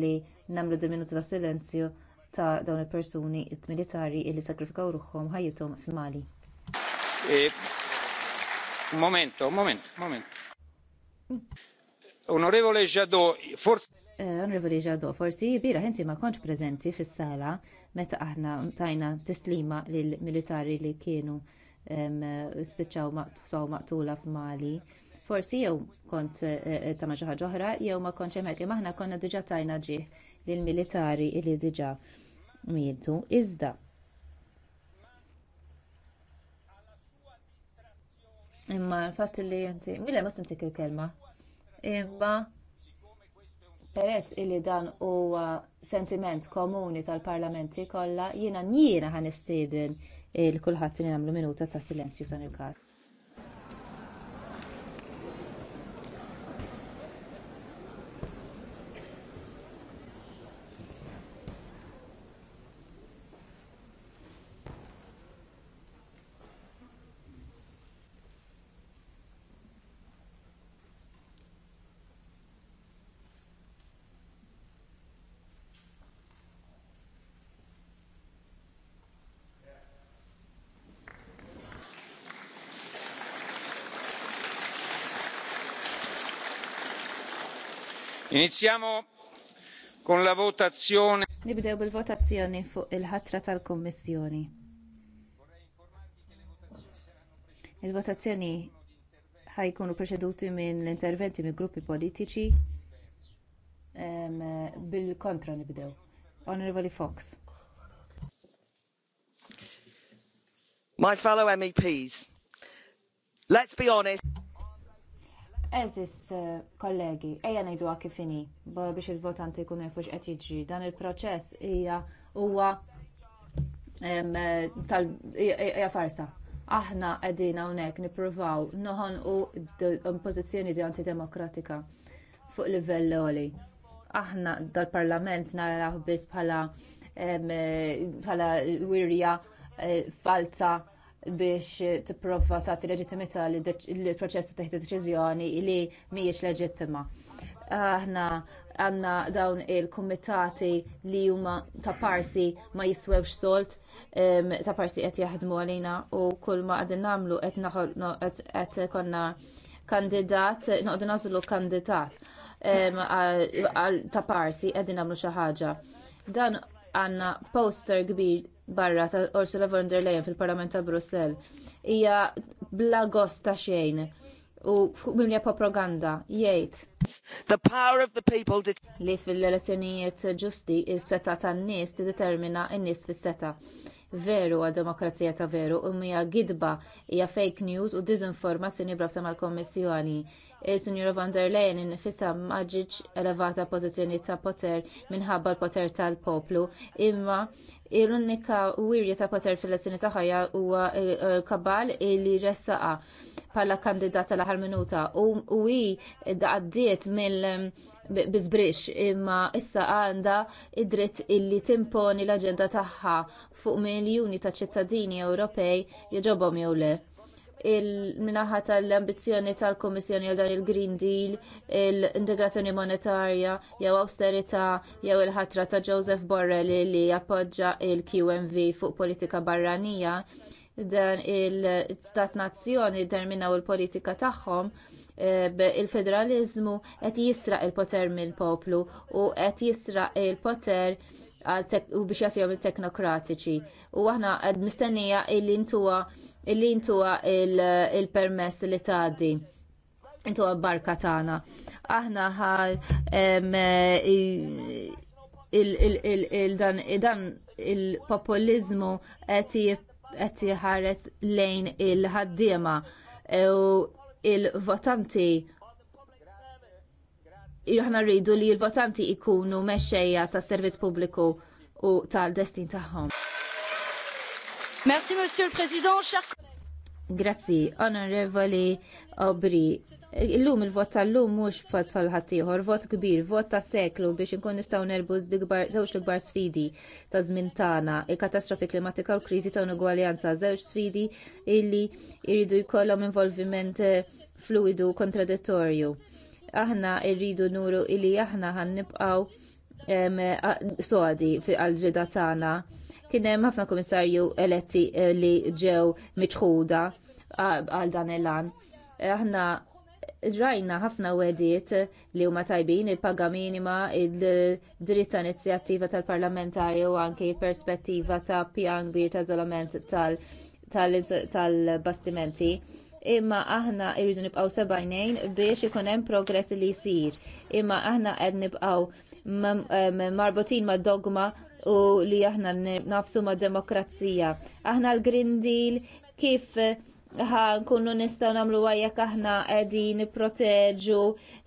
li nagħmlu di minuti ta' silenzju ta' dawn il-persuni militari li sakrifikaw ruħhom ħajjithom f'Mali
momento, Onorevole Jadot,
forsi jibira inti ma kontx prezenti fis-sala meta aħna tajna tislima lil militari li kienu spiċċaw sow maqtula f'Mali. Forsi jew kont eh, eh, ta' ma ħaġa oħra jew ma kontx hemmhekk imma aħna konna diġà tajna ġieħ lill militari li diġà mietu. Iżda imma l-fatt li inti mille ma sentik il-kelma imma peress illi dan huwa sentiment komuni tal-parlamenti kollha jiena għan istedin il kulħadd li nagħmlu minuta ta' silenzju dan il-każ
Iniziamo
Nibdew bil-votazzjoni fuq il-ħatra tal-Kummissjoni. Il-votazzjoni ħajkunu preċeduti minn l-interventi minn gruppi politiċi bil-kontra nibdew. Honorable
Fox. My fellow MEPs, let's be honest.
Eżis eh, kollegi, ejja ngħidu kif inhi biex il-votanti jkunu jifux x'qed jiġri. Dan il-proċess hija huwa tal ija farsa. Aħna qegħdin hawnhekk nippruvaw u um, pozizjoni di antidemokratika fuq livell oli. Aħna dal-Parlament naraw biss bħala eh, bħala wirja eh, falsa biex tipprova tagħti li l proċess ta' deċiżjoni li mhijiex leġittima. Aħna għandna dawn il-kumitati li huma ta' parsi ma jiswewx solt ta' parsi qed jaħdmu għalina u kull ma qegħdin nagħmlu għet qed konna kandidat, noqdu nażlu kandidat ta' parsi qegħdin nagħmlu xi ħaġa. Dan għandna poster kbir barra ta' Ursula von der Leyen fil-Parlament ta' Brussell hija bla gost ta' xejn u milja propaganda jgħid The power of the people li fil-elezzjonijiet ġusti il-seta tan-nies determina n-nies fis-seta. Veru għad demokrazija ta' veru u mija gidba hija fake news u disinformazzjoni brabta mal-Kommissjoni il-Sinjura von der Leyen infissa maġiġ elevata pozizjoni ta' poter minħabba l-poter tal-poplu imma l-unika wirja ta' poter fil-lezzjoni ta' ħajja huwa eh, eh, kabal li ressaqa bħala kandidat tal-aħħar minuta u hi għaddiet mill bizbrix imma issa għandha id-dritt illi timponi l-aġenda tagħha fuq miljuni ta' ċittadini Ewropej jogħġobhom jew le il-minaħa tal-ambizjoni tal-Komissjoni għal dan il-Green Deal, l-integrazzjoni monetarja, jew austerita, jew il-ħatra ta' Joseph Borrell li appoġġa il-QMV fuq politika barranija, dan il-Stat Nazzjoni terminaw il-politika tagħhom e, il-federalizmu qed jisraq il-poter mill-poplu u qed jisraq il-poter u biex jagħtihom il-teknokratiċi. U aħna qed mistennija il-intuwa illi intuwa il-permess li tgħaddi intuwa barka tagħna. Aħna il-dan il-populizmu qed jħares lejn il-ħaddiema u il-votanti iħna rridu li l-votanti jkunu mexxejja tas servizz pubbliku u tal-destin tagħhom.
Merci Monsieur le Président, chers
Grazzi, onorevoli Obri. Illum il-vot tal-lum mhux fat tal vot kbir, vot ta' seklu biex inkun nistaw nerbu żewġ l gbar sfidi ta' żmien tagħna, il-katastrofi klimatika u l-kriżi ta' inugwaljanza, żewġ sfidi illi jridu jkollhom involviment eh, fluidu kontradittorju. Aħna rridu nuru illi aħna ħannibqgħu sodi għal-ġida tagħna. Kien hemm ħafna komissarju eletti eh, li ġew miċħuda għal dan il-lan. Eh, aħna rajna ħafna wedit li huma tajbin il-paga minima, il-dritt ta' inizjattiva tal-parlamentari u anke il-perspettiva ta' pjan kbir ta' zolament tal-bastimenti. Imma aħna irridu nibqgħu sebajnejn biex ikun hemm progress li jsir. Imma aħna qed nibqgħu eh, marbutin mad dogma u li aħna nafsu mad demokrazija. Aħna l-Green Deal kif Ħa nkunu nistaw namlu għajja aħna għedin proteġu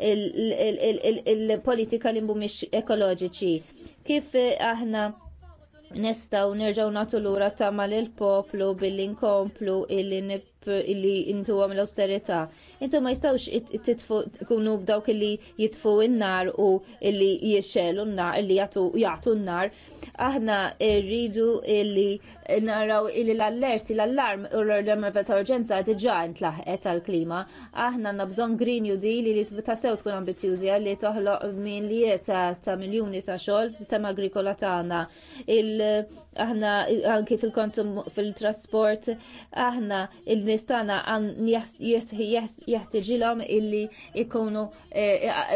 il-politika li mbumix ekoloġiċi. Kif aħna nistaw nerġaw natu l-ura tamal il-poplu billi nkomplu illi intu għam l-austerita. Intom ma jistgħux titfu tkunu b'dawk illi jitfu n-nar u illi jiexxelu n-nar illi jagħtu n-nar. Aħna rridu illi naraw illi l-allerti l-allarm u l-allarm ta' urġenza diġà intlaħqet tal-klima. Aħna nabżon Green New Deal li tassew tkun ambizjużi li toħloq miljiet ta' miljuni ta' xogħol fis-sistema agrikola tagħna. Aħna anki fil-konsum fil-trasport aħna il-nistana għan jeħtieġilhom illi jkunu eh,